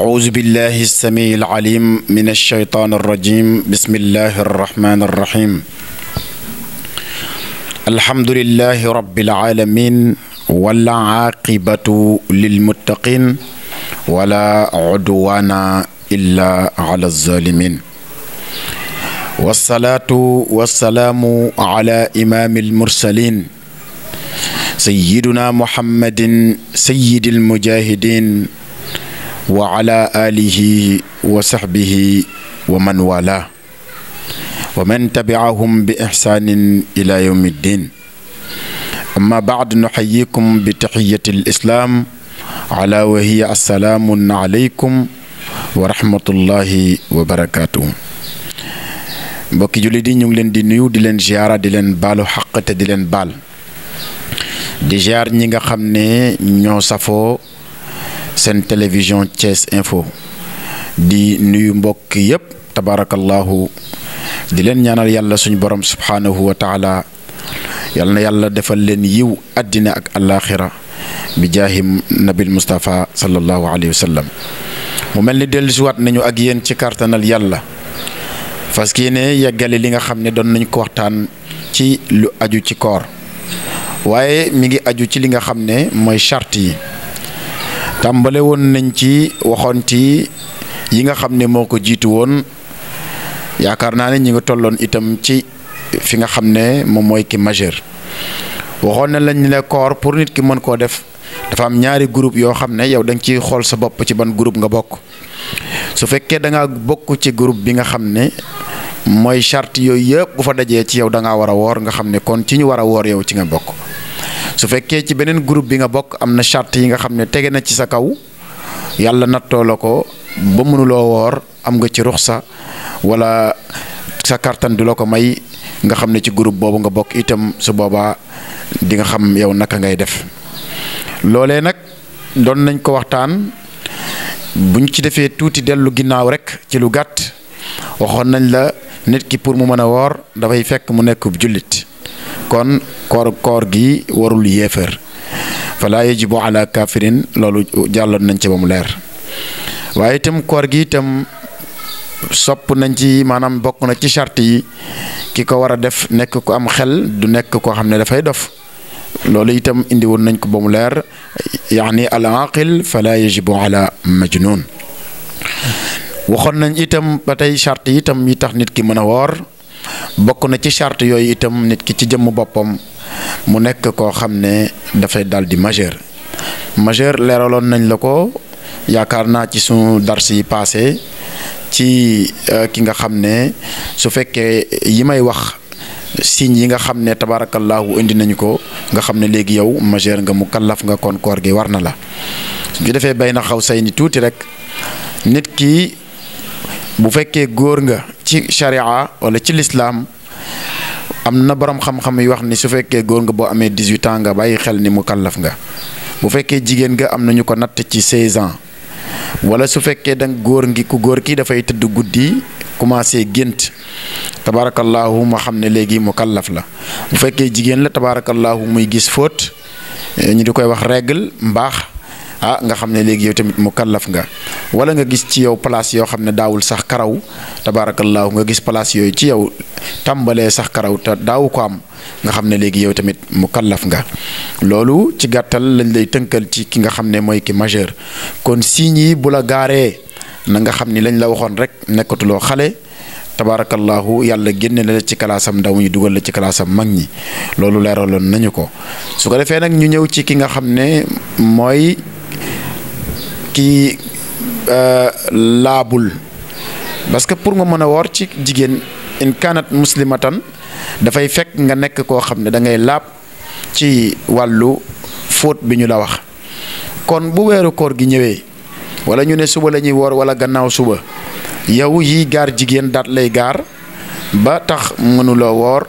أعوذ بالله السميع العليم من الشيطان الرجيم بسم الله الرحمن الرحيم الحمد لله رب العالمين والعاقبة للمتقين ولا عدوان إلا على الظالمين والصلاة والسلام على إمام المرسلين سيدنا محمد سيد المجاهدين wa ala alihi wa sahbihi wa man wala wa man bi ihsanin ila yawmi ddin amma baad nuxayikum bi taxiyati lislaam ala wa hiya assalaamun aleykum wa rahmatullahi wa barakaatuhu mbokki jullit leen di nuyu di leen ziyaara di leen baalu xaq te di leen baal di ziyaar ñi nga xam ne ño safo seen télévision Thiès Info di nuyu mbokk yépp tabaarakallaahu di leen ñaanal yàlla suñu borom subhaanahu wa taala na yàlla defal leen yiw àddina ak alaaxira bi jaahim nabil Moustapha sallallahu alayhi wa mu mel ni dellusiwaat nañu ak yéen ci kàttanal yàlla fas yéene yeggale li nga xam ne doon nañ ko waxtaan ci lu aju ci koor waaye mi ngi aju ci li nga xam ne mooy charte yi. tàmbale woon nañ ci waxoon ci yi nga xam ne moo ko jiitu woon yaakaar naa ne ñu nga tolloon itam ci fi nga xam ne moom mooy ki majeur waxoon na lañ ne koor pour nit ki mën koo def dafa am ñaari groupe yoo xam ne yow danga nga ciy xool sa bopp ci ban groupe nga bokk su fekkee da ngaa bokk ci groupe bi nga xam ne mooy charte yooyu yëpp bu fa dajee ci yow da ngaa war a woor nga xam ne kon ci ñu war a woor yow ci nga bokk su fekkee ci beneen groupe bi nga bokk am na chart yi nga xam ne tege na ci sa kaw yàlla nattoo la ko ba mënuloo woor am nga ci sa wala sa kartan du la ko may nga xam ne ci groupe boobu nga bokk itam su boobaa di nga xam yow naka ngay def loole nag doon nañ ko waxtaan buñ ci defee tuuti dellu ginnaaw rek ci lu gàtt waxoon nañ la nit ki pour mu mën a woor dafay fekk mu nekk jullit kon koor koor gi warul yéefar fala yajibu ala kafirin loolu jàlloon nañ ci ba mu leer waaye itam koor gi itam sopp nañ ci maanaam bokk na ci charte yi ki ko war a def nekk ko am xel du nekk koo xam ne dafay dof loolu itam indi nañ ko ba mu leer yaani al aqil fala yajibu ala majnun waxoon nañ itam ba tey charte yi itam yi tax nit ki mën a woor bokk na ci charte yooyu itam nit ki ci jëmm boppam mu nekk koo xam ne dafay dal di majeur majeur leeraloon nañ la ko yaakaar naa ci suñu dars yi paase ci euh, ki nga xam ne su fekkee yi may wax signes yi nga xam ne tabaarakallaahu indi nañu ko nga xam ne léegi yow majeur nga mu kallaf nga kon koor gi war na la su defee bay na xaw say ni tuuti rek nit ki bu fekkee góor nga ci sharia wala ci lislaam am na borom xam-xam yi wax ni su fekkee góor nga boo amee 18 ans nga bàyyi xel ni mu kallaf nga bu fekkee jigéen nga am na ñu ko natt ci 16 ans wala su fekkee da góor ngi ku góor ki dafay tëdd guddi commencé gént tabaarakallaahu ma xam ne léegi mu kallaf la bu fekkee jigéen la tabaarakallaahu muy gis fóot eh, ñu di koy wax regl mbaax ah nga xam ne léegi yow tamit mu kallaf nga wala nga gis ci yow place yoo xam ne daawul sax karaw tabaarakallaahu nga gis place yooyu ci yow tàmbalee sax karaw ta daawu ko am nga xam ne léegi yow tamit mu kallaf nga loolu ci gàttal lañ lay tënkal ci ki nga xam ne mooy ki majeur kon signes yi bu la gaaree na nga xam ni lañ la waxoon rek nekkatuloo xale tabaarakallaahu yàlla génne la ci kalaasam ndaw ñi dugal la ci kalaasam mag ñi loolu leeraloon nañu ko su ci ki nga xam ne mooy ki euh, laabul parce que pour nga mën a woor ci jigéen in kaanat muslimatan dafay fekk nga nekk koo xam ne dangay ngay laab ci wàllu fóot bi ñu la wax kon bu weeru koor gi ñëwee wala ñu ne suba lañuy ñuy woor wala gannaaw suba yow yi gaar jigéen daat lay gaar ba tax mënuloo woor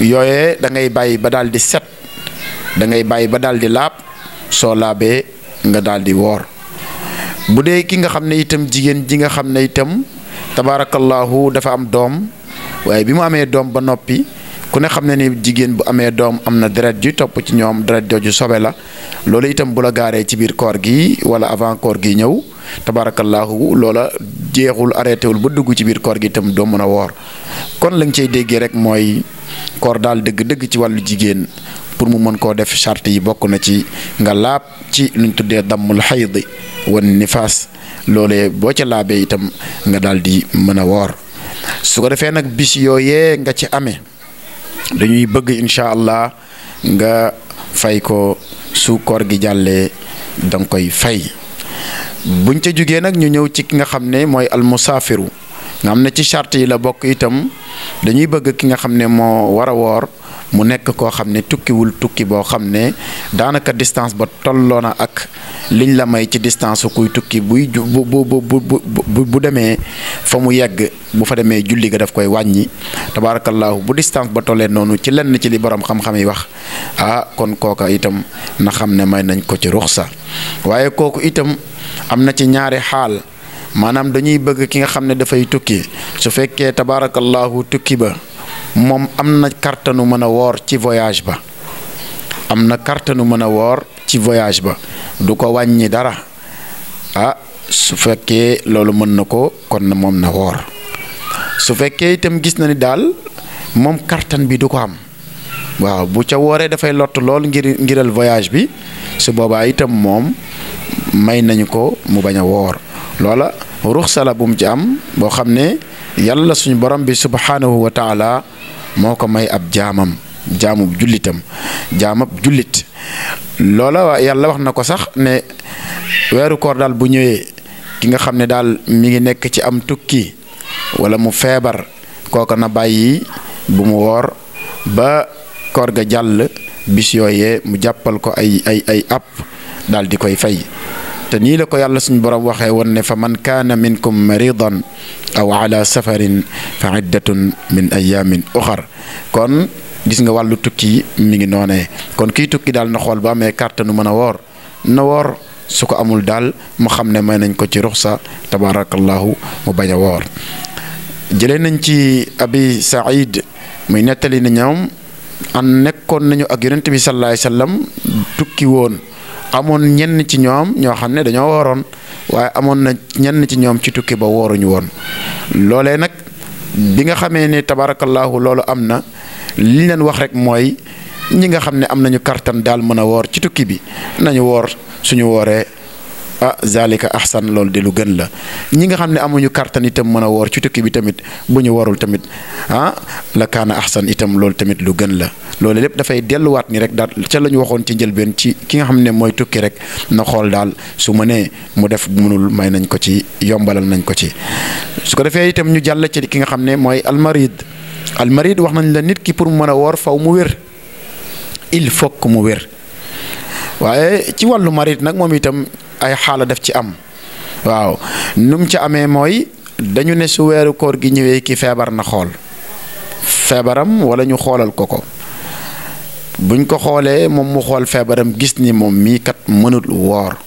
yooye dangay bàyyi ba daal di set dangay bàyyi ba daal di laab soo laabee nga daal di woor bu dee ki nga xam ne itam jigéen ji nga xam ne itam tabaarakallaahu dafa am doom waaye bi mu amee doom ba noppi ku ne xam ne ni jigéen bu amee doom am na deret ju topp ci ñoom deret ju sobe la loolu itam bu la gaaree ci biir koor gi wala avant koor gi ñëw tabaarakallaahu loola jeexul arrêté wul ba dugg ci biir koor gi itam doo mën a woor kon lañ cey déggee rek mooy koor daal dëgg-dëgg ci wàllu jigéen pour mu mën koo def charte yi bokk na ci nga laab ci luñ tuddee dammul xayd wan nifaas loolee boo ca laabee itam nga daal di mën a woor su ko defee nag bis yooyee nga ci amee dañuy bëgg incha allah nga fay ko su koor gi jàllee danga koy fay buñ ca jugee nag ñu ñëw ci ki nga xam ne mooy almusaafiru nga am na ci charte yi la bokk itam dañuy bëgg ki nga xam ne moo war a woor mu nekk koo xam ne tukkiwul tukki boo xam ne daanaka distance ba tolloo na ak liñ la may ci distance kuy tukki buy bu bu bu bu demee fa mu yegg bu fa demee julli ga daf koy wàññi tabaarakallaahu bu distance ba tollee noonu ci lenn ci li borom xam-xam yi wax ah kon kooka itam na xam ne may nañ ko ci ruxsa waaye kooku itam am na ci ñaari xaal maanaam dañuy bëgg ki nga xam ne dafay tukki su fekkee tabaarakallaahu tukki ba. moom am na kartanu mën a woor ci voyage ba am na kàttanu mën a woor ci voyage ba du ko wàññi dara ah su fekkee loolu mën na ko kon na moom na woor su fekkee itam gis na ni daal moom kartan bi du ko am waaw bu ca wooree dafay lot lool ngiral voyage bi su boobaa itam moom may nañu ko mu bañ a woor loola ruxsala bu mu ci am boo xam ne yàlla suñu borom bi subhaanahu wa taala moo ko may ab jaamam jaamub jullitam jaamab jullit loola yàlla wax na ko sax ne weeru koor daal bu ñëwee ki nga xam ne daal mu ngi nekk ci am tukki walla mu feebar kooka na bàyyi bu mu woor ba koor ga jàll bis yooyee mu jàppal ko ay ay ay app daal di koy fay te nii la ko yàlla suñu borom waxee woon ne fa man kaana minkum maridan aw ala safarin fa iddatun min ayamin uxar gis nga wàllu tukki mi ngi noonee kon kii tukki daal na xool ba amee carte nu mën a woor na woor su ko amul daal mu xam ne ma nañ ko ci ruxsa tabarakallahu mu bañ a woor jëlee nañ ci abi saïd muy nettali a ñoom an nekkoon nañu ak yonent bi sallallahu tukki woon amoon ñenn ci ñoom ñoo xam ne dañoo wooroon waaye amoon na ñenn ci ñoom ci tukki ba wooruñu woon loolee nag bi nga xamee ne tabaarakallaahu loolu am na li leen wax rek mooy ñi nga xam ne am nañu kartan daal mën a woor ci tukki bi nañu woor suñu wooree ah zalika ahsan loolu de lu gën la ñi nga xam ne amuñu kartan itam mën a woor ci tukki bi tamit bu ñu warul tamit ah la kaana ahsan itam loolu tamit lu gën la loolu lépp dafay delluwaat ni rek daal ca la ñu waxoon ci njëlbeen ci ki nga xam ne mooy tukki rek na xool daal su ma mu def mënul may nañ ko ci yombalal nañ ko ci su defee itam ñu jàll ci ki nga xam ne mooy almarid almarid wax nañ la nit ki pour mu mën a woor faw mu wér il faut que mu wér waaye ci wàllu marid nag moom itam ay xaala def ci am waaw nu mu ci amee mooy dañu ne su weeru koor gi ñëwee ki feebar na xool feebaram walla ñu xoolal ko ko buñ ko xoolee moom mu xool feebaram gis ni moom mii kat mënul woor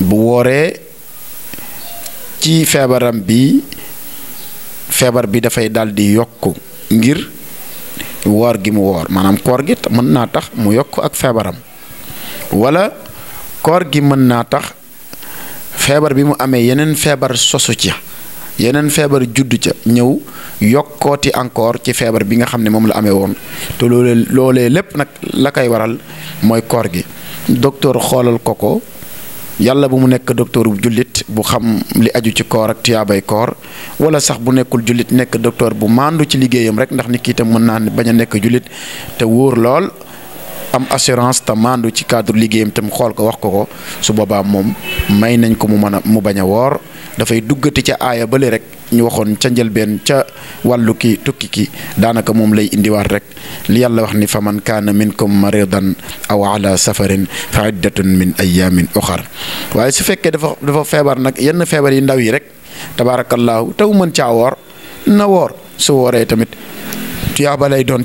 bu wooree ci feebaram bi feebar bi dafay daldi yokk ngir woor gi mu woor maanaam koor gi mën naa tax mu yokk ak feebaram wala koor gi mën naa tax feebar bi mu amee yeneen feebar sosu ci yeneen feebar juddu ca ñëw yokkooti encore ci feebar bi nga xam ne moom la amee woon te loolee lépp nag la koy waral mooy koor gi docteur xoolal ko ko yàlla bu mu nekk docteur bu jullit bu xam li aju ci koor ak tuyaabay koor wala sax bu nekkul jullit nekk docteur bu màndu ci liggéeyam rek ndax ni ki itam mën naa bañ a nekk jullit te wóor lool. am assurance te maandu ci cadre liggéeyam tam xool ko wax ko ko su boobaa moom may nañ ko mu mën a mu bañ a woor dafay duggati ca aaya bale rek ñu waxoon ca njëlbeen ca wàllu ki tukki ki daanaka moom lay indiwaat rek li yàlla wax ni fa man kaa kaana minkum maridan aw ala safarin fa iddatun min ayamin oxar waaye su fekkee dafa dafa feebar nag yenn feebar yi ndaw yi rek tabaarakallaahu taw mën caa woor na woor su wooree tamit tuyaaba doon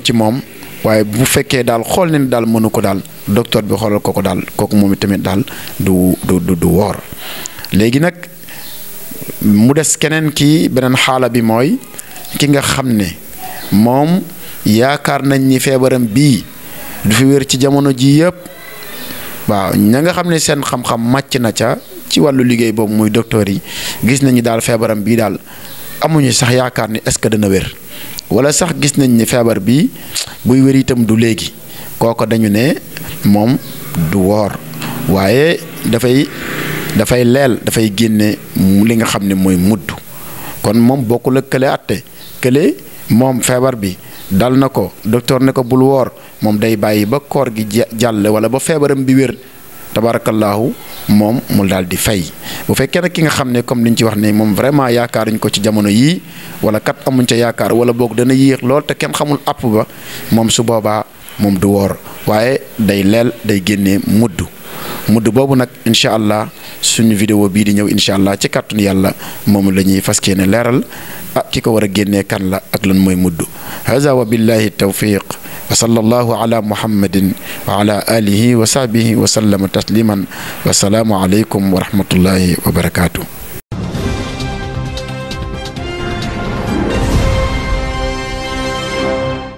waaye bu fekkee daal xool ne daal mënu ko daal docteur bi xoolal ko ko daal kooku moom tamit daal du du du woor léegi nag mu des keneen ki beneen xaala bi mooy ki nga xam ne moom yaakaar nañ ni feebaram bii du fi wér ci jamono ji yëpp waaw ña nga xam ne seen xam-xam màcc na ca ci wàllu liggéey boobu muy docteur yi gis nañu daal feebaram bii daal amuñu sax yaakaar ni est-ce que dana wér. wala sax gis nañ ni feebar bi buy wér itam du léegi kooko dañu ne moom du woor waaye dafay dafay leel dafay génne li nga xam ne mooy mudd kon moom bokkul ak kële atte kële moom feebar bi dal na ko docteur ne ko bul woor moom day bàyyi ba koor gi jàll wala ba feebaram bi wér tabaarakallaahu moom mu daal di fay bu fekkee nag ki nga xam ne comme li ñu ci wax ne moom vraiment yaakaaruñ ko ci jamono yii wala kat amuñ ca yaakaar wala boog dana yéex lool te kenn xamul àpp ba moom su boobaa moom du woor waaye day leel day génnee mudd mudd boobu nag incha allah suñu video bii di ñëw incha allah ci kàttanu yàlla moom la ñuy fas yéene leeral ah ki ko war a génnee kan la ak lan mooy mudd haza wa billahi tawfiq wa sallallahu ala muhammadin wa ala alihi wa sahbihi wa sallama tasliman wa salaamu aleykum wa rahmatullahi wa barakaatu